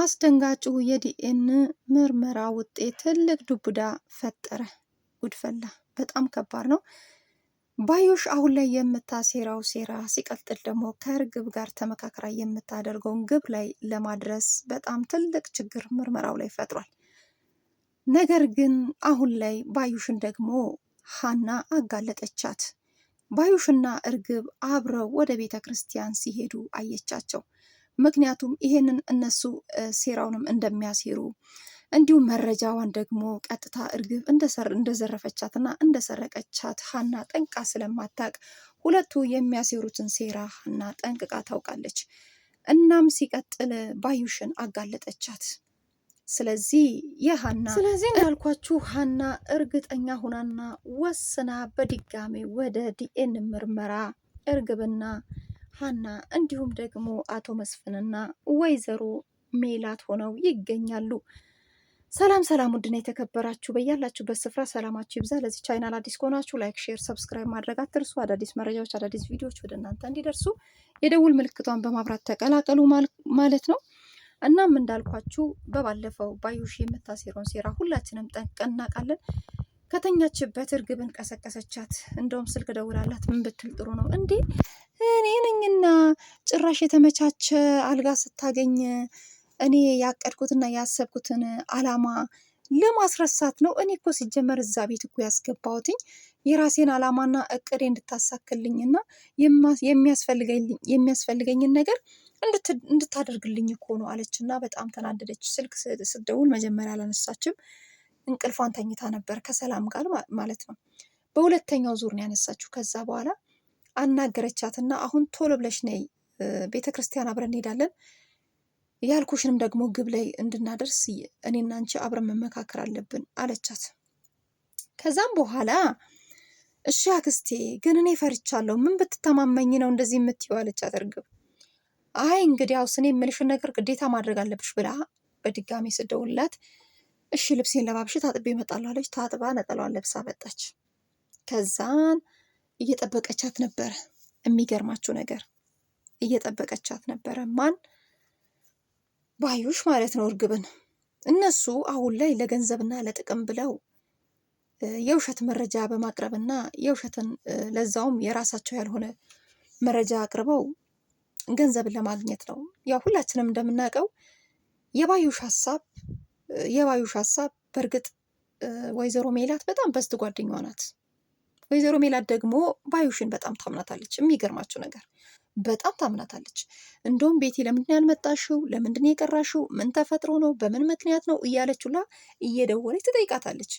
አስደንጋጩ የዲኤን ምርመራ ውጤት ትልቅ ዱብዳ ፈጠረ። ጉድፈላ በጣም ከባድ ነው። ባዮሽ አሁን ላይ የምታሴራው ሴራ ሲቀጥል ደግሞ ከእርግብ ጋር ተመካከራ የምታደርገውን ግብ ላይ ለማድረስ በጣም ትልቅ ችግር ምርመራው ላይ ፈጥሯል። ነገር ግን አሁን ላይ ባዩሽን ደግሞ ሀና አጋለጠቻት። ባዩሽና እርግብ አብረው ወደ ቤተ ክርስቲያን ሲሄዱ አየቻቸው። ምክንያቱም ይሄንን እነሱ ሴራውንም እንደሚያሴሩ እንዲሁም መረጃዋን ደግሞ ቀጥታ እርግብ እንደዘረፈቻትና እንደሰረቀቻት ሀና ጠንቅቃ ስለማታቅ ሁለቱ የሚያሴሩትን ሴራ ሀና ጠንቅቃ ታውቃለች። እናም ሲቀጥል ባዩሽን አጋለጠቻት። ስለዚህ የሀና ስለዚህ እንዳልኳችሁ ሀና እርግጠኛ ሁናና ወስና በድጋሜ ወደ ዲኤን ምርመራ እርግብና ሀና እንዲሁም ደግሞ አቶ መስፍንና ወይዘሮ ሜላት ሆነው ይገኛሉ። ሰላም ሰላም፣ ውድና የተከበራችሁ በያላችሁበት ስፍራ ሰላማችሁ ይብዛ። ለዚህ ቻይናል አዲስ ከሆናችሁ ላይክ፣ ሼር፣ ሰብስክራይብ ማድረግ አትርሱ። አዳዲስ መረጃዎች፣ አዳዲስ ቪዲዮዎች ወደ እናንተ እንዲደርሱ የደውል ምልክቷን በማብራት ተቀላቀሉ ማለት ነው። እናም እንዳልኳችሁ በባለፈው ባዩሽ የምታሴረውን ሴራ ሁላችንም ጠንቅቀን እናውቃለን። ከተኛችበት እርግብ እንቀሰቀሰቻት። እንደውም ስልክ ደውላላት ምን ብትል ጥሩ ነው እንዴ? እኔ ነኝና ጭራሽ የተመቻቸ አልጋ ስታገኝ እኔ ያቀድኩትና ያሰብኩትን አላማ ለማስረሳት ነው። እኔ እኮ ሲጀመር እዛ ቤት እኮ ያስገባሁትኝ የራሴን አላማና እቅዴ እንድታሳክልኝና የሚያስፈልገኝን ነገር እንድታደርግልኝ እኮ ነው አለችና በጣም ተናደደች። ስልክ ስደውል መጀመሪያ አላነሳችም። እንቅልፏን ተኝታ ነበር ከሰላም ጋር ማለት ነው። በሁለተኛው ዙር ነው ያነሳችው። ከዛ በኋላ አናገረቻትና አሁን ቶሎ ብለሽ ነይ ቤተ ክርስቲያን አብረን እንሄዳለን፣ ያልኩሽንም ደግሞ ግብ ላይ እንድናደርስ እኔና አንቺ አብረን መመካከር አለብን አለቻት። ከዛም በኋላ እሺ አክስቴ ግን እኔ ፈርቻለሁ፣ ምን ብትተማመኝ ነው እንደዚህ የምትይው አለቻት እርግብ። አይ እንግዲያውስ እኔ የምልሽን ነገር ግዴታ ማድረግ አለብሽ ብላ በድጋሚ ስደውላት እሺ ልብሴን ለባብሽ ታጥቤ እመጣለሁ አለች። ታጥባ ነጠላዋን ለብሳ መጣች። ከዛን እየጠበቀቻት ነበረ። የሚገርማችሁ ነገር እየጠበቀቻት ነበረ። ማን ባዩሽ ማለት ነው እርግብን። እነሱ አሁን ላይ ለገንዘብና ለጥቅም ብለው የውሸት መረጃ በማቅረብና የውሸትን ለዛውም የራሳቸው ያልሆነ መረጃ አቅርበው ገንዘብን ለማግኘት ነው። ያው ሁላችንም እንደምናውቀው የባዩሽ ሀሳብ የባዩሽ ሀሳብ በእርግጥ ወይዘሮ ሜላት በጣም በስት ጓደኛዋ ናት። ወይዘሮ ሜላት ደግሞ ባዩሽን በጣም ታምናታለች። የሚገርማችሁ ነገር በጣም ታምናታለች። እንደውም ቤቴ ለምንድን ያልመጣሽው? ለምንድን የቀራሽው? ምን ተፈጥሮ ነው? በምን ምክንያት ነው? እያለችላ እየደወለች ትጠይቃታለች።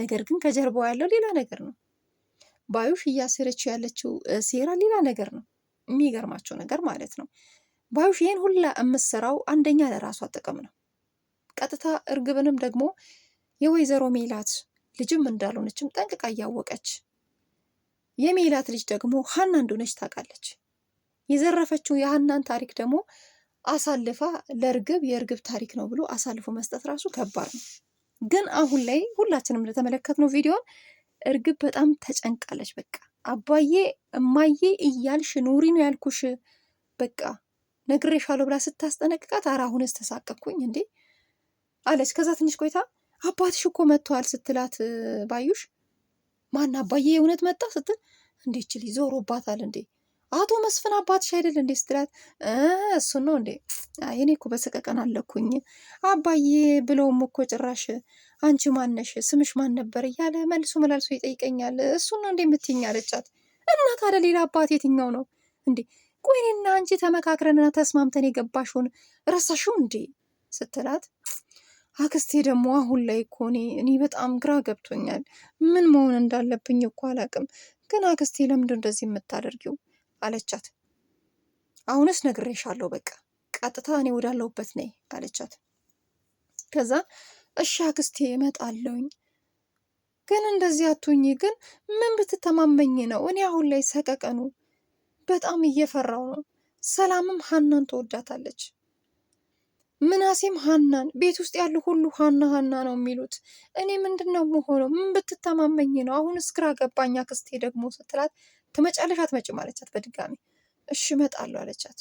ነገር ግን ከጀርባዋ ያለው ሌላ ነገር ነው። ባዩሽ እያሴረች ያለችው ሴራ ሌላ ነገር ነው። የሚገርማቸው ነገር ማለት ነው ባዩሽ ይህን ሁላ የምትሰራው አንደኛ ለራሷ ጥቅም ነው። ቀጥታ እርግብንም ደግሞ የወይዘሮ ሜላት ልጅም እንዳልሆነችም ጠንቅቃ እያወቀች የሜላት ልጅ ደግሞ ሀና እንደሆነች ታውቃለች። የዘረፈችው የሀናን ታሪክ ደግሞ አሳልፋ ለእርግብ የእርግብ ታሪክ ነው ብሎ አሳልፎ መስጠት ራሱ ከባድ ነው። ግን አሁን ላይ ሁላችንም ለተመለከትነው ቪዲዮን እርግብ በጣም ተጨንቃለች። በቃ አባዬ እማዬ እያልሽ ኑሪ ነው ያልኩሽ፣ በቃ ነግሬሻለሁ ብላ ስታስጠነቅቃት፣ አረ አሁንስ ተሳቀቅኩኝ እንዴ አለች። ከዛ ትንሽ ቆይታ አባትሽ እኮ መጥተዋል ስትላት ባዩሽ ማን አባዬ እውነት መጣ ስትል እንዴ ችል ይዞሮባታል እንዴ አቶ መስፍን አባትሽ አይደል እንዴ ስትላት እሱን ነው እንዴ እኔ እኮ በሰቀቀን አለኩኝ አባዬ ብለውም እኮ ጭራሽ አንቺ ማነሽ ስምሽ ማን ነበር እያለ መልሶ መላልሶ ይጠይቀኛል እሱን ነው እንዴ የምትይኝ አለቻት እና ታዲያ ሌላ አባት የትኛው ነው እንዴ ቆይኔና አንቺ ተመካክረንና ተስማምተን የገባሽውን ረሳሽው እንዴ ስትላት አክስቴ ደግሞ አሁን ላይ እኮ እኔ እኔ በጣም ግራ ገብቶኛል። ምን መሆን እንዳለብኝ እኮ አላቅም። ግን አክስቴ ለምንድ እንደዚህ የምታደርጊው አለቻት። አሁንስ ነግሬሻለሁ፣ በቃ ቀጥታ እኔ ወዳለሁበት ነይ አለቻት። ከዛ እሺ አክስቴ እመጣለሁኝ፣ ግን እንደዚህ አትሁኚ። ግን ምን ብትተማመኝ ነው? እኔ አሁን ላይ ሰቀቀኑ በጣም እየፈራው ነው። ሰላምም ሀናን ትወዳታለች። ምናሴም ሀናን ቤት ውስጥ ያሉ ሁሉ ሀና ሀና ነው የሚሉት። እኔ ምንድን ነው መሆነው? ምን ብትተማመኝ ነው? አሁን ግራ ገባኛ ክስቴ ደግሞ ስትላት ትመጫለሽ አትመጭም አለቻት በድጋሚ። እሺ እመጣለሁ አለቻት።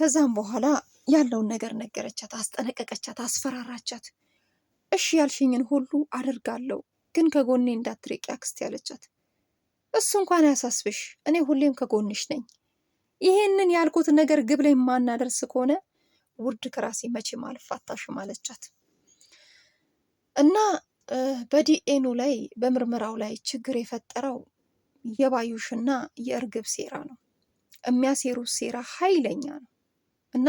ከዛም በኋላ ያለውን ነገር ነገረቻት፣ አስጠነቀቀቻት፣ አስፈራራቻት። እሺ ያልሽኝን ሁሉ አደርጋለሁ፣ ግን ከጎኔ እንዳትርቂ አክስቴ አለቻት። እሱ እንኳን አያሳስብሽ፣ እኔ ሁሌም ከጎንሽ ነኝ። ይሄንን ያልኩት ነገር ግብ ላይ የማናደርስ ከሆነ ውድ ከራሴ መቼም አልፋታሽም አለቻት። እና በዲኤኑ ላይ በምርመራው ላይ ችግር የፈጠረው የባዩሽና የእርግብ ሴራ ነው። የሚያሴሩት ሴራ ኃይለኛ ነው እና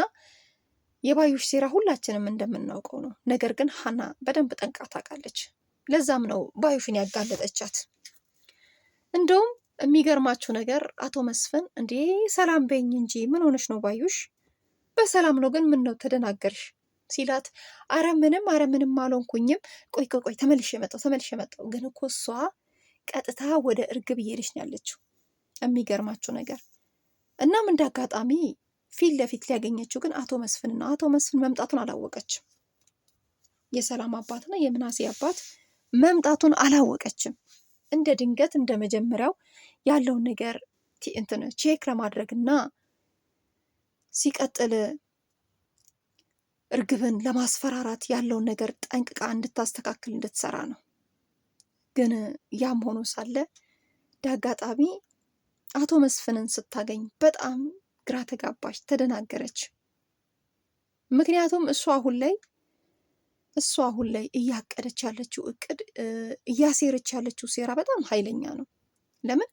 የባዩሽ ሴራ ሁላችንም እንደምናውቀው ነው። ነገር ግን ሀና በደንብ ጠንቃ ታውቃለች። ለዛም ነው ባዩሽን ያጋለጠቻት። እንደውም የሚገርማችሁ ነገር አቶ መስፍን እንዴ ሰላም በይኝ እንጂ ምን ሆነሽ ነው ባዩሽ በሰላም ነው ግን ምን ነው ተደናገርሽ? ሲላት አረ ምንም አረ ምንም አልሆንኩኝም። ቆይ ቆይ ቆይ ተመልሼ መጣሁ ተመልሼ መጣሁ። ግን እኮ እሷ ቀጥታ ወደ እርግብ እየሄደች ነው ያለችው። የሚገርማችሁ ነገር እናም እንደ አጋጣሚ ፊት ለፊት ሊያገኘችው ግን አቶ መስፍን ነው። አቶ መስፍን መምጣቱን አላወቀችም። የሰላም አባት አባትና የምናሴ አባት መምጣቱን አላወቀችም። እንደ ድንገት እንደ መጀመሪያው ያለውን ነገር እንትን ቼክ ለማድረግ እና ሲቀጥል እርግብን ለማስፈራራት ያለውን ነገር ጠንቅቃ እንድታስተካክል እንድትሰራ ነው። ግን ያም ሆኖ ሳለ እንዳጋጣሚ አቶ መስፍንን ስታገኝ በጣም ግራ ተጋባች፣ ተደናገረች። ምክንያቱም እሱ አሁን ላይ እሱ አሁን ላይ እያቀደች ያለችው እቅድ እያሴረች ያለችው ሴራ በጣም ኃይለኛ ነው። ለምን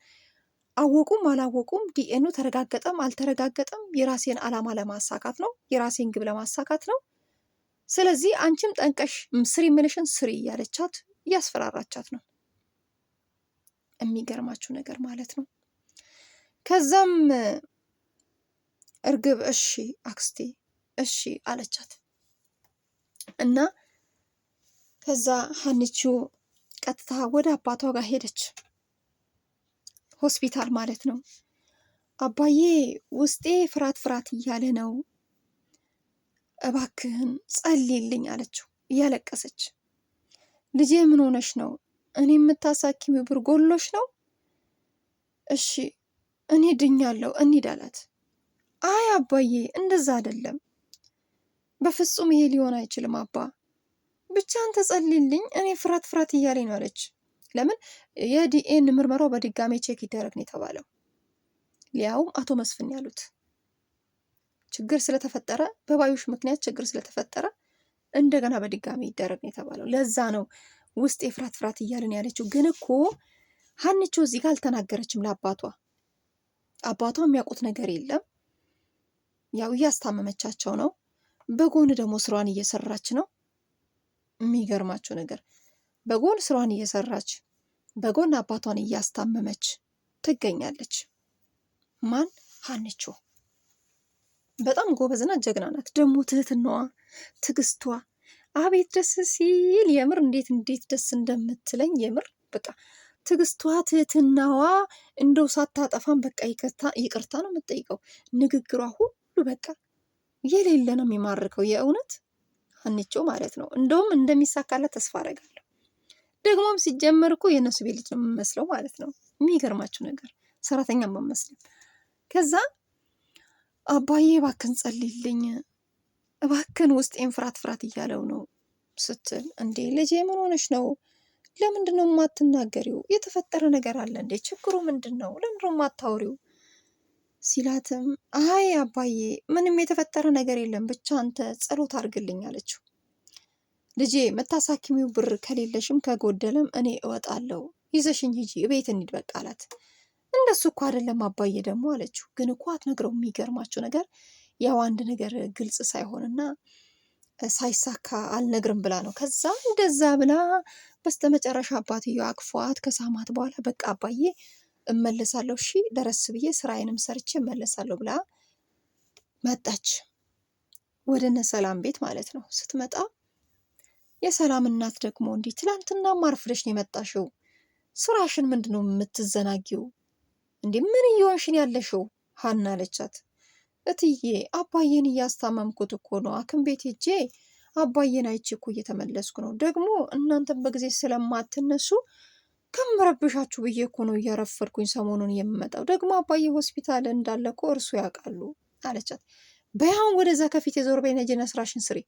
አወቁም አላወቁም ዲኤኑ ተረጋገጠም አልተረጋገጠም የራሴን ዓላማ ለማሳካት ነው፣ የራሴን ግብ ለማሳካት ነው። ስለዚህ አንቺም ጠንቀሽ ስሪ፣ ምንሽን ስሪ እያለቻት እያስፈራራቻት ነው። የሚገርማችሁ ነገር ማለት ነው። ከዛም እርግብ እሺ አክስቴ እሺ አለቻት እና ከዛ ሀኒቹ ቀጥታ ወደ አባቷ ጋር ሄደች። ሆስፒታል ማለት ነው። አባዬ ውስጤ ፍርሃት ፍርሃት እያለ ነው፣ እባክህን ጸልይልኝ አለችው እያለቀሰች። ልጄ ምን ሆነሽ ነው? እኔ የምታሳኪሚው ብር ጎሎሽ ነው? እሺ እኔ ድኛለሁ እንሂድ አላት። አይ አባዬ እንደዛ አይደለም፣ በፍጹም ይሄ ሊሆን አይችልም አባ ብቻ አንተ ጸልይልኝ፣ እኔ ፍርሃት ፍርሃት እያለኝ ነው አለች። ለምን የዲኤን ምርመራው በድጋሜ ቼክ ይደረግ ነው የተባለው። ሊያውም አቶ መስፍን ያሉት ችግር ስለተፈጠረ በባዮሽ ምክንያት ችግር ስለተፈጠረ እንደገና በድጋሚ ይደረግ ነው የተባለው። ለዛ ነው ውስጥ የፍራት ፍራት እያለን ያለችው። ግን እኮ ሀንቾ እዚህ ጋር አልተናገረችም ለአባቷ። አባቷ የሚያውቁት ነገር የለም። ያው እያስታመመቻቸው ነው፣ በጎን ደግሞ ስራዋን እየሰራች ነው። የሚገርማቸው ነገር በጎን ስሯን እየሰራች በጎን አባቷን እያስታመመች ትገኛለች። ማን ሀንቾ በጣም ጎበዝና ጀግና ናት። ደግሞ ትህትናዋ፣ ትግስቷ አቤት ደስ ሲል የምር እንዴት እንዴት ደስ እንደምትለኝ የምር በቃ ትግስቷ፣ ትህትናዋ እንደው ሳታጠፋን በቃ ይቅርታ ነው የምጠይቀው። ንግግሯ ሁሉ በቃ የሌለ ነው የሚማርከው። የእውነት ሀንቾ ማለት ነው። እንደውም እንደሚሳካላት ተስፋ አደርጋለሁ። ደግሞም ሲጀመር እኮ የእነሱ ቤት ልጅ ነው የምመስለው ማለት ነው። የሚገርማችሁ ነገር ሰራተኛ መመስልም። ከዛ አባዬ እባክን ጸልይልኝ፣ እባክን ውስጤን ፍራት ፍርሃት እያለው ነው ስትል፣ እንዴ ልጄ ምን ሆነሽ ነው? ለምንድን ነው የማትናገሪው? የተፈጠረ ነገር አለ እንዴ? ችግሩ ምንድን ነው? ለምንድን ነው የማታወሪው? ሲላትም አይ አባዬ ምንም የተፈጠረ ነገር የለም፣ ብቻ አንተ ጸሎት አድርግልኝ አለችው። ልጄ መታሳኪሚው ብር ከሌለሽም ከጎደለም እኔ እወጣለሁ፣ ይዘሽኝ ሂጂ፣ እቤት እንሂድ በቃ አላት። እንደሱ እኮ አይደለም አባዬ ደግሞ አለችው። ግን እኮ አትነግረው። የሚገርማችሁ ነገር ያው አንድ ነገር ግልጽ ሳይሆንና ሳይሳካ አልነግርም ብላ ነው። ከዛ እንደዛ ብላ በስተመጨረሻ አባትየው አቅፏት ከሳማት በኋላ በቃ አባዬ እመለሳለሁ፣ እሺ ደረስ ብዬ ስራዬንም ሰርቼ እመለሳለሁ ብላ መጣች ወደ እነ ሰላም ቤት ማለት ነው። ስትመጣ የሰላም እናት ደግሞ እንዲህ ትላንትና ማርፍደሽ ነው የመጣሽው፣ ስራሽን ምንድን ነው የምትዘናጊው? እንዲህ ምን እየሆንሽን ያለሽው ሀና አለቻት። እትዬ አባዬን እያስታመምኩት እኮ ነው አክም ቤት ሄጄ አባዬን አይቼ እኮ እየተመለስኩ ነው። ደግሞ እናንተን በጊዜ ስለማትነሱ ከምረብሻችሁ ብዬ እኮ ነው እያረፈድኩኝ ሰሞኑን የምመጣው። ደግሞ አባዬ ሆስፒታል እንዳለ እኮ እርሱ ያውቃሉ አለቻት። በያን ወደዛ ከፊት የዞር በይ ስራሽን ስሪ።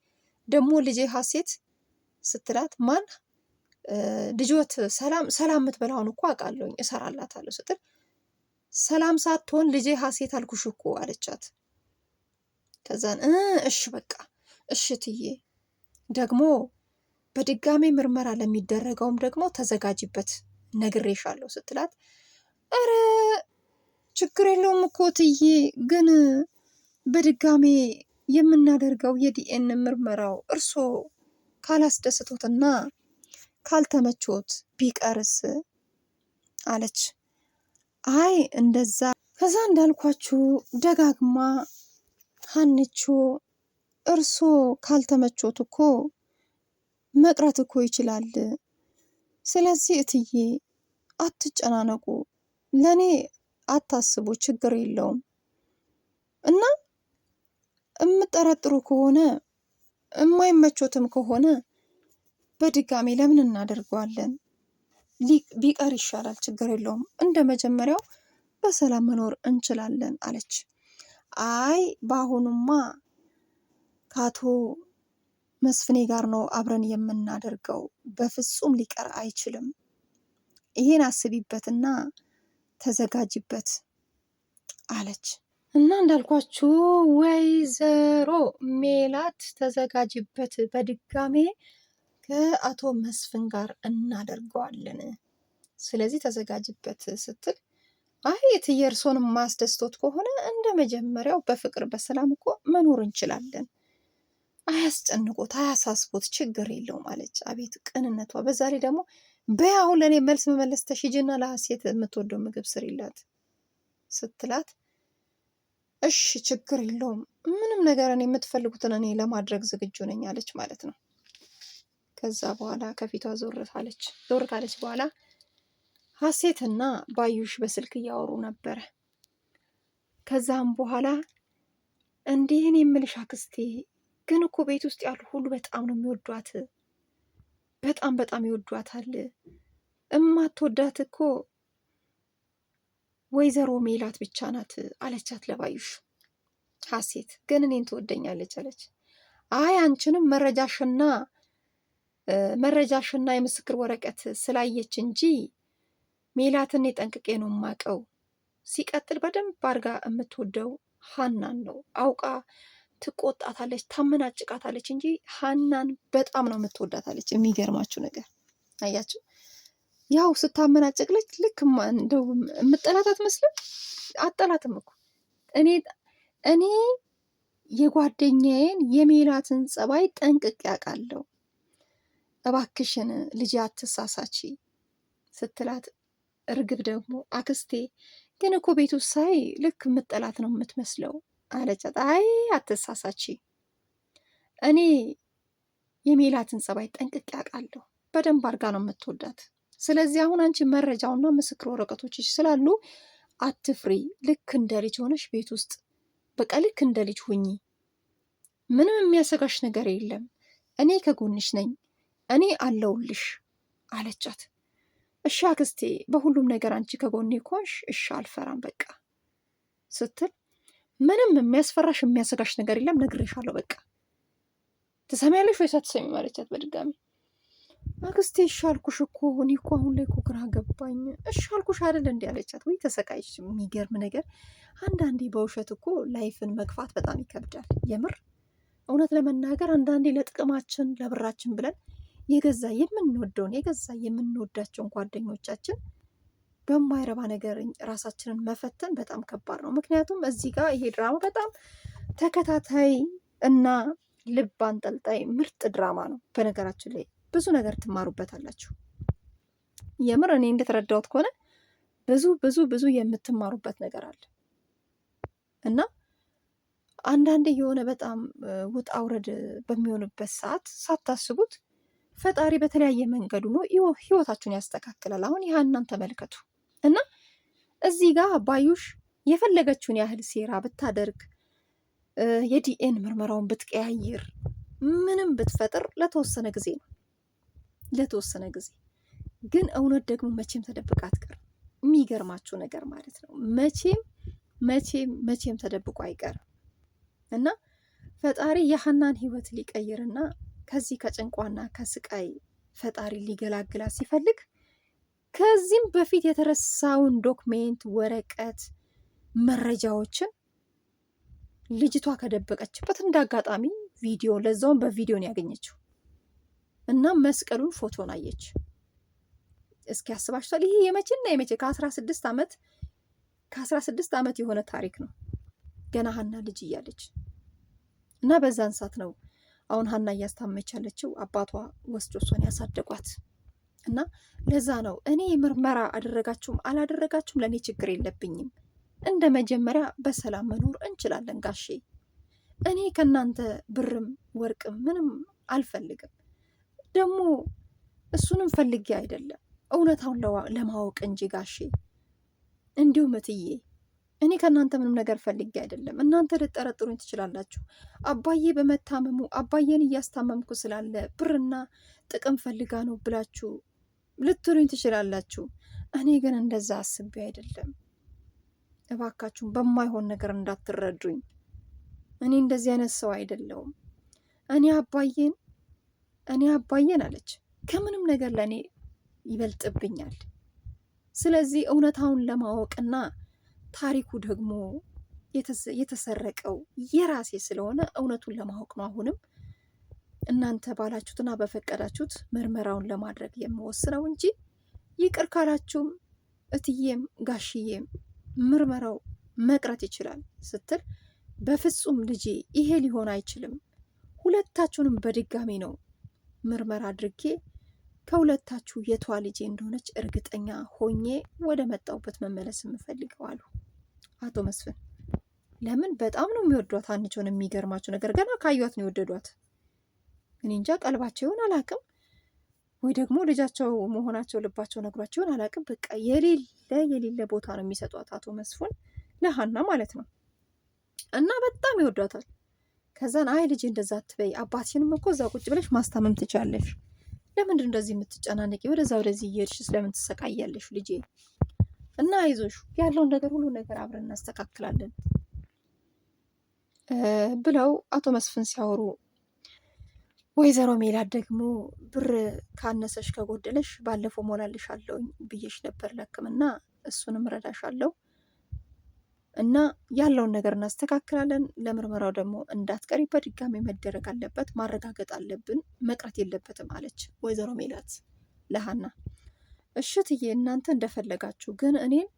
ደግሞ ልጄ ሀሴት ስትላት ማን ልጆት ሰላም ሰላም የምትበላውን እኮ አውቃለሁኝ እሰራላታለሁ ስትል ሰላም ሳትሆን ልጄ ሀሴት አልኩሽ እኮ አለቻት። ከዛን እሽ በቃ እሽ ትዬ ደግሞ በድጋሜ ምርመራ ለሚደረገውም ደግሞ ተዘጋጅበት ነግሬሻለሁ ስትላት ኧረ ችግር የለውም እኮ ትዬ ግን በድጋሜ የምናደርገው የዲኤን ምርመራው እርሶ ካላስደስቶትና ካልተመቾት ቢቀርስ አለች። አይ እንደዛ ከዛ እንዳልኳችሁ ደጋግማ ሀንቾ እርሶ ካልተመቾት እኮ መቅረት እኮ ይችላል። ስለዚህ እትዬ አትጨናነቁ፣ ለእኔ አታስቡ፣ ችግር የለውም እና የምጠረጥሩ ከሆነ የማይመቾትም ከሆነ በድጋሚ ለምን እናደርገዋለን? ቢቀር ይሻላል፣ ችግር የለውም እንደ መጀመሪያው በሰላም መኖር እንችላለን አለች። አይ በአሁኑማ ከአቶ መስፍኔ ጋር ነው አብረን የምናደርገው፣ በፍጹም ሊቀር አይችልም። ይሄን አስቢበትና ተዘጋጅበት አለች። እና እንዳልኳችሁ ወይዘሮ ሜላት ተዘጋጅበት፣ በድጋሜ ከአቶ መስፍን ጋር እናደርገዋለን። ስለዚህ ተዘጋጅበት ስትል አይ እትዬ እርሶን ማስደስቶት ከሆነ እንደ መጀመሪያው በፍቅር በሰላም እኮ መኖር እንችላለን። አያስጨንቆት፣ አያሳስቦት፣ ችግር የለውም አለች። አቤት ቅንነቷ! በዛሬ ደግሞ በይ አሁን ለእኔ መልስ መመለስ ተሽጅና ለሀሴት የምትወደው ምግብ ስሪላት ስትላት እሺ ችግር የለውም ምንም ነገር እኔ የምትፈልጉትን እኔ ለማድረግ ዝግጁ ነኝ አለች ማለት ነው። ከዛ በኋላ ከፊቷ ዞር ካለች ዞር ካለች በኋላ ሀሴትና ባዩሽ በስልክ እያወሩ ነበረ። ከዛም በኋላ እንዲህ እኔ የምልሽ አክስቴ ግን እኮ ቤት ውስጥ ያሉ ሁሉ በጣም ነው የሚወዷት፣ በጣም በጣም ይወዷታል። እማትወዳት እኮ ወይዘሮ ሜላት ብቻ ናት አለቻት ለባዩሽ። ሀሴት ግን እኔን ትወደኛለች አለች። አይ አንቺንም መረጃሽና መረጃሽና የምስክር ወረቀት ስላየች እንጂ ሜላትን የጠንቅቄ ነው የማውቀው። ሲቀጥል በደንብ አድርጋ የምትወደው ሀናን ነው። አውቃ ትቆጣታለች፣ ታመናጭቃታለች እንጂ ሀናን በጣም ነው የምትወዳታለች። የሚገርማችሁ ነገር አያችሁ። ያው ስታመናጨቅ ልጅ ልክ እንደው የምጠላት አትመስልም። አጠላትም እኮ እኔ እኔ የጓደኛዬን የሜላትን ጸባይ ጠንቅቄ አውቃለሁ። እባክሽን ልጅ አትሳሳቺ ስትላት፣ እርግብ ደግሞ አክስቴ ግን እኮ ቤቱ ሳይ ልክ የምጠላት ነው የምትመስለው አለቻት። አይ አትሳሳቺ፣ እኔ የሜላትን ጸባይ ጠንቅቄ አውቃለሁ። በደንብ አድርጋ ነው የምትወዳት ስለዚህ አሁን አንቺ መረጃውና ምስክር ወረቀቶችሽ ስላሉ አትፍሪ። ልክ እንደ ልጅ ሆነሽ ቤት ውስጥ በቃ ልክ እንደ ልጅ ሁኚ። ምንም የሚያሰጋሽ ነገር የለም። እኔ ከጎንሽ ነኝ፣ እኔ አለውልሽ አለቻት። እሺ አክስቴ፣ በሁሉም ነገር አንቺ ከጎኔ ኮንሽ፣ እሺ አልፈራም በቃ ስትል ምንም የሚያስፈራሽ የሚያሰጋሽ ነገር የለም ነግሬሻለሁ፣ በቃ ትሰሚያለሽ ወይ ሳትሰሚ? ማለቻት በድጋሚ አክስቴ እሻልኩሽ እኮ እኔ እኮ አሁን ላይ እኮ ግራ ገባኝ። እሻልኩሽ አይደል እንዲ ያለቻት ወይ ተሰቃይች። የሚገርም ነገር አንዳንዴ በውሸት እኮ ላይፍን መግፋት በጣም ይከብዳል። የምር እውነት ለመናገር አንዳንዴ ለጥቅማችን ለብራችን ብለን የገዛ የምንወደውን የገዛ የምንወዳቸውን ጓደኞቻችን በማይረባ ነገር ራሳችንን መፈተን በጣም ከባድ ነው። ምክንያቱም እዚህ ጋር ይሄ ድራማ በጣም ተከታታይ እና ልብ አንጠልጣይ ምርጥ ድራማ ነው። በነገራችን ላይ ብዙ ነገር ትማሩበታላችሁ። የምር እኔ እንደተረዳሁት ከሆነ ብዙ ብዙ ብዙ የምትማሩበት ነገር አለ እና አንዳንዴ የሆነ በጣም ውጣ ውረድ በሚሆንበት ሰዓት ሳታስቡት ፈጣሪ በተለያየ መንገዱ ነው ህይወታችሁን ያስተካክላል። አሁን ይህንን ተመልከቱ እና እዚህ ጋር ባዩሽ የፈለገችውን ያህል ሴራ ብታደርግ የዲኤን ምርመራውን ብትቀያይር ምንም ብትፈጥር ለተወሰነ ጊዜ ነው ለተወሰነ ጊዜ ግን እውነት ደግሞ መቼም ተደብቃ አትቀርም። የሚገርማችሁ ነገር ማለት ነው መቼም መቼም መቼም ተደብቆ አይቀርም እና ፈጣሪ የሀናን ህይወት ሊቀይርና ከዚህ ከጭንቋና ከስቃይ ፈጣሪ ሊገላግላት ሲፈልግ ከዚህም በፊት የተረሳውን ዶክሜንት፣ ወረቀት፣ መረጃዎችን ልጅቷ ከደበቀችበት እንደ አጋጣሚ ቪዲዮ ለዛውም በቪዲዮ ነው ያገኘችው። እና መስቀሉን ፎቶን አየች። እስኪ ያስባችኋል። ይሄ የመቼና የመቼ ከአስራ ስድስት ዓመት ከአስራ ስድስት ዓመት የሆነ ታሪክ ነው። ገና ሀና ልጅ እያለች እና በዛን ሰዓት ነው አሁን ሀና እያስታመች ያለችው አባቷ ወስዶ እሷን ያሳደጓት እና ለዛ ነው እኔ ምርመራ አደረጋችሁም አላደረጋችሁም ለእኔ ችግር የለብኝም። እንደ መጀመሪያ በሰላም መኖር እንችላለን ጋሼ። እኔ ከእናንተ ብርም ወርቅም ምንም አልፈልግም። ደግሞ እሱንም ፈልጌ አይደለም እውነታውን ለማወቅ እንጂ ጋሼ፣ እንዲሁም እትዬ እኔ ከእናንተ ምንም ነገር ፈልጌ አይደለም። እናንተ ልጠረጥሩኝ ትችላላችሁ። አባዬ በመታመሙ አባዬን እያስታመምኩ ስላለ ብርና ጥቅም ፈልጋ ነው ብላችሁ ልትሉኝ ትችላላችሁ። እኔ ግን እንደዛ አስቤ አይደለም። እባካችሁን በማይሆን ነገር እንዳትረዱኝ። እኔ እንደዚህ አይነት ሰው አይደለውም። እኔ አባዬን እኔ አባዬን አለች ከምንም ነገር ለእኔ ይበልጥብኛል። ስለዚህ እውነታውን ለማወቅና ታሪኩ ደግሞ የተሰረቀው የራሴ ስለሆነ እውነቱን ለማወቅ ነው አሁንም እናንተ ባላችሁትና በፈቀዳችሁት ምርመራውን ለማድረግ የምወስነው እንጂ ይቅር ካላችሁም እትዬም ጋሽዬም ምርመራው መቅረት ይችላል ስትል፣ በፍጹም ልጄ ይሄ ሊሆን አይችልም፣ ሁለታችሁንም በድጋሚ ነው ምርመራ አድርጌ ከሁለታችሁ የቷ ልጄ እንደሆነች እርግጠኛ ሆኜ ወደ መጣሁበት መመለስ የምፈልገው አሉ አቶ መስፍን። ለምን በጣም ነው የሚወዷት አንቸውን። የሚገርማቸው ነገር ገና ካዩት ነው የወደዷት። እኔ እንጃ ቀልባቸው ይሆን አላቅም፣ ወይ ደግሞ ልጃቸው መሆናቸው ልባቸው ነግሯቸው ይሆን አላቅም። በቃ የሌለ የሌለ ቦታ ነው የሚሰጧት አቶ መስፍን ለሀና ማለት ነው። እና በጣም ይወዷታል። ከዛን አይ ልጅ እንደዛ አትበይ፣ አባትሽንም እኮ እዛ ቁጭ ብለሽ ማስታመም ትቻለሽ። ለምንድን እንደዚህ የምትጨናነቂ? ወደዛ ወደዚህ እየሄድሽ ስለምን ትሰቃያለሽ ልጄ? እና አይዞሽ፣ ያለውን ነገር ሁሉ ነገር አብረን እናስተካክላለን ብለው አቶ መስፍን ሲያወሩ ወይዘሮ ሜላት ደግሞ ብር ካነሰሽ ከጎደለሽ ባለፈው ሞላልሽ አለውኝ ብዬሽ ነበር ለክምና እሱንም ረዳሽ አለው እና ያለውን ነገር እናስተካክላለን። ለምርመራው ደግሞ እንዳትቀሪ በድጋሚ መደረግ አለበት፣ ማረጋገጥ አለብን፣ መቅረት የለበትም አለች ወይዘሮ ሜላት ለሀና። እሽትዬ እናንተ እንደፈለጋችሁ ግን እኔን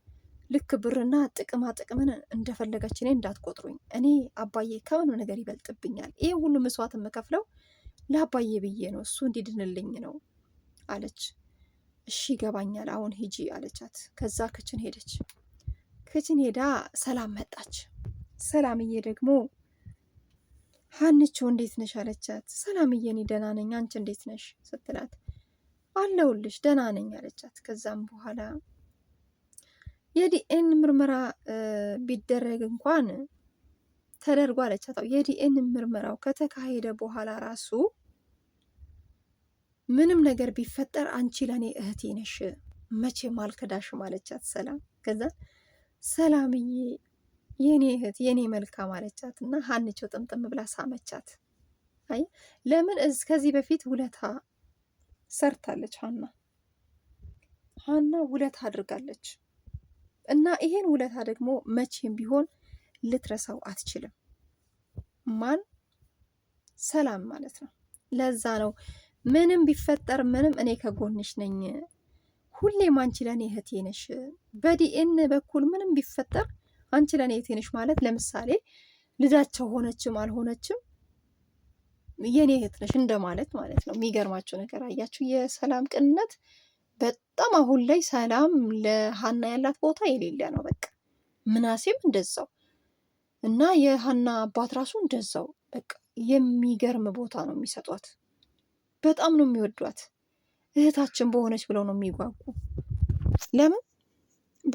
ልክ ብርና ጥቅማ ጥቅምን እንደፈለገች እኔ እንዳትቆጥሩኝ። እኔ አባዬ ከምንም ነገር ይበልጥብኛል። ይሄ ሁሉ መስዋዕት የምከፍለው ለአባዬ ብዬ ነው፣ እሱ እንዲድንልኝ ነው አለች። እሺ ይገባኛል፣ አሁን ሂጂ አለቻት። ከዛ ክችን ሄደች። ክችን ሄዳ ሰላም መጣች። ሰላምዬ ደግሞ ሀንቾ እንዴት ነሽ አለቻት። ሰላምዬ እኔ ደህና ነኝ፣ አንቺ እንዴት ነሽ ስትላት አለሁልሽ ደህና ነኝ አለቻት። ከዛም በኋላ የዲኤን ምርመራ ቢደረግ እንኳን ተደርጎ አለቻት። የዲኤን ምርመራው ከተካሄደ በኋላ ራሱ ምንም ነገር ቢፈጠር አንቺ ለእኔ እህቴ ነሽ መቼም አልከዳሽም አለቻት ሰላም ከዛ ሰላምዬ የኔ እህት የኔ መልካም አለቻት እና ሀንቸው ጥምጥም ብላ ሳመቻት። አይ ለምን ከዚህ በፊት ውለታ ሰርታለች ሀና ሀና ውለታ አድርጋለች እና ይሄን ውለታ ደግሞ መቼም ቢሆን ልትረሳው አትችልም። ማን ሰላም ማለት ነው። ለዛ ነው ምንም ቢፈጠር ምንም እኔ ከጎንሽ ነኝ ሁሌም አንቺ ለእኔ እህቴ ነሽ። በዲኤን በኩል ምንም ቢፈጠር አንቺ ለእኔ እህቴ ነሽ ማለት ለምሳሌ ልጃቸው ሆነችም አልሆነችም የኔ እህት ነሽ እንደማለት ማለት ነው። የሚገርማችሁ ነገር አያችሁ፣ የሰላም ቅንነት በጣም አሁን ላይ ሰላም ለሀና ያላት ቦታ የሌለ ነው። በቃ ምናሴም እንደዛው እና የሀና አባት ራሱ እንደዛው በቃ የሚገርም ቦታ ነው የሚሰጧት። በጣም ነው የሚወዷት። እህታችን በሆነች ብለው ነው የሚጓጉ። ለምን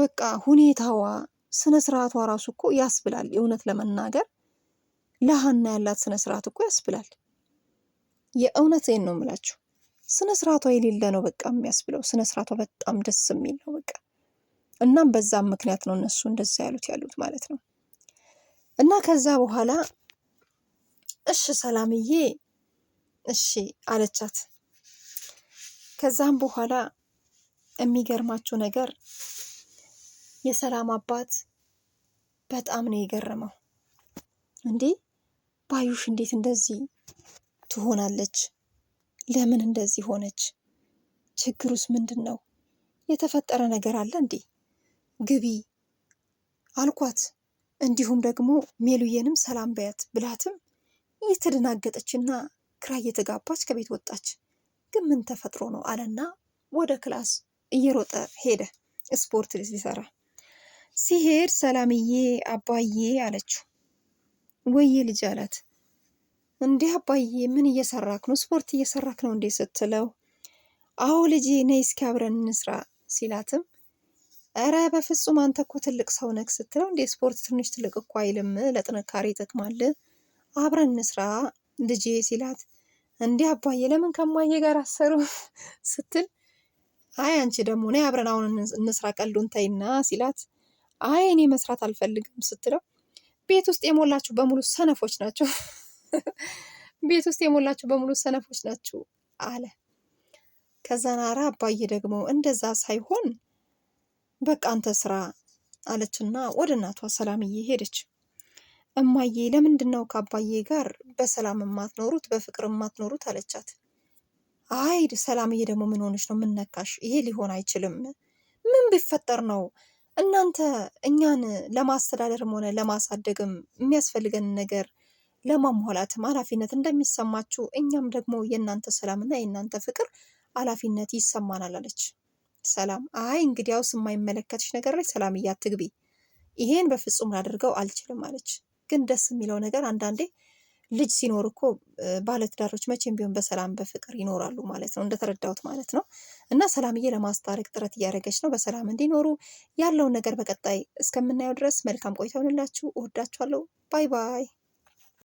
በቃ ሁኔታዋ ስነ ስርዓቷ ራሱ እኮ ያስብላል። የእውነት ለመናገር ለሀና ያላት ስነ ስርዓት እኮ ያስብላል። የእውነቴን ነው የምላችሁ። ስነ ስርዓቷ የሌለ ነው በቃ የሚያስብለው። ስነ ስርዓቷ በጣም ደስ የሚል ነው በቃ። እናም በዛም ምክንያት ነው እነሱ እንደዛ ያሉት ያሉት ማለት ነው። እና ከዛ በኋላ እሺ ሰላምዬ እሺ አለቻት ከዛም በኋላ የሚገርማችሁ ነገር የሰላም አባት በጣም ነው የገረመው። እንዴ ባዩሽ እንዴት እንደዚህ ትሆናለች? ለምን እንደዚህ ሆነች? ችግሩስ ምንድን ነው? የተፈጠረ ነገር አለ እንዴ? ግቢ አልኳት። እንዲሁም ደግሞ ሜሉዬንም ሰላም በያት ብላትም እየተደናገጠችና ግራ እየተጋባች ከቤት ወጣች። ግን ምን ተፈጥሮ ነው አለና ወደ ክላስ እየሮጠ ሄደ። ስፖርት ሊሰራ ሲሄድ ሰላምዬ አባዬ አለችው። ወይዬ ልጅ አላት። እንዲህ አባዬ ምን እየሰራክ ነው? ስፖርት እየሰራክ ነው እንዴ ስትለው፣ አዎ ልጄ ነይ እስኪ አብረን እንስራ ሲላትም፣ እረ በፍጹም አንተ እኮ ትልቅ ሰው ነክ ስትለው፣ እንዴ ስፖርት ትንሽ ትልቅ እኮ አይልም፣ ለጥንካሬ ይጠቅማል፣ አብረን እንስራ ልጄ ሲላት እንዲህ አባዬ ለምን ከማዬ ጋር አሰሩ ስትል አይ አንቺ ደግሞ ነይ አብረን አሁን እንስራ ቀልዱን ተይና ሲላት አይ እኔ መስራት አልፈልግም ስትለው ቤት ውስጥ የሞላችሁ በሙሉ ሰነፎች ናቸው፣ ቤት ውስጥ የሞላችሁ በሙሉ ሰነፎች ናችሁ አለ። ከዛ ናራ አባዬ ደግሞ እንደዛ ሳይሆን በቃ አንተ ስራ አለችና ወደ እናቷ ሰላምዬ ሄደች። እማዬ ለምንድን ነው ከአባዬ ጋር በሰላም የማትኖሩት በፍቅር የማትኖሩት አለቻት። አይ ሰላምዬ ደግሞ ምን ሆነች ነው የምነካሽ? ይሄ ሊሆን አይችልም። ምን ቢፈጠር ነው እናንተ እኛን ለማስተዳደርም ሆነ ለማሳደግም የሚያስፈልገን ነገር ለማሟላትም ኃላፊነት እንደሚሰማችሁ እኛም ደግሞ የእናንተ ሰላምና የእናንተ ፍቅር ኃላፊነት ይሰማናል አለች። ሰላም አይ እንግዲያውስ የማይመለከትሽ ነገር ላይ ሰላምዬ አትግቢ፣ ይሄን በፍጹም ላደርገው አልችልም አለች። ግን ደስ የሚለው ነገር አንዳንዴ ልጅ ሲኖር እኮ ባለትዳሮች መቼም ቢሆን በሰላም በፍቅር ይኖራሉ ማለት ነው፣ እንደተረዳሁት ማለት ነው። እና ሰላምዬ ለማስታረቅ ጥረት እያደረገች ነው፣ በሰላም እንዲኖሩ ያለውን ነገር በቀጣይ እስከምናየው ድረስ መልካም ቆይታ ይሆንላችሁ። እወዳችኋለሁ። ባይ ባይ።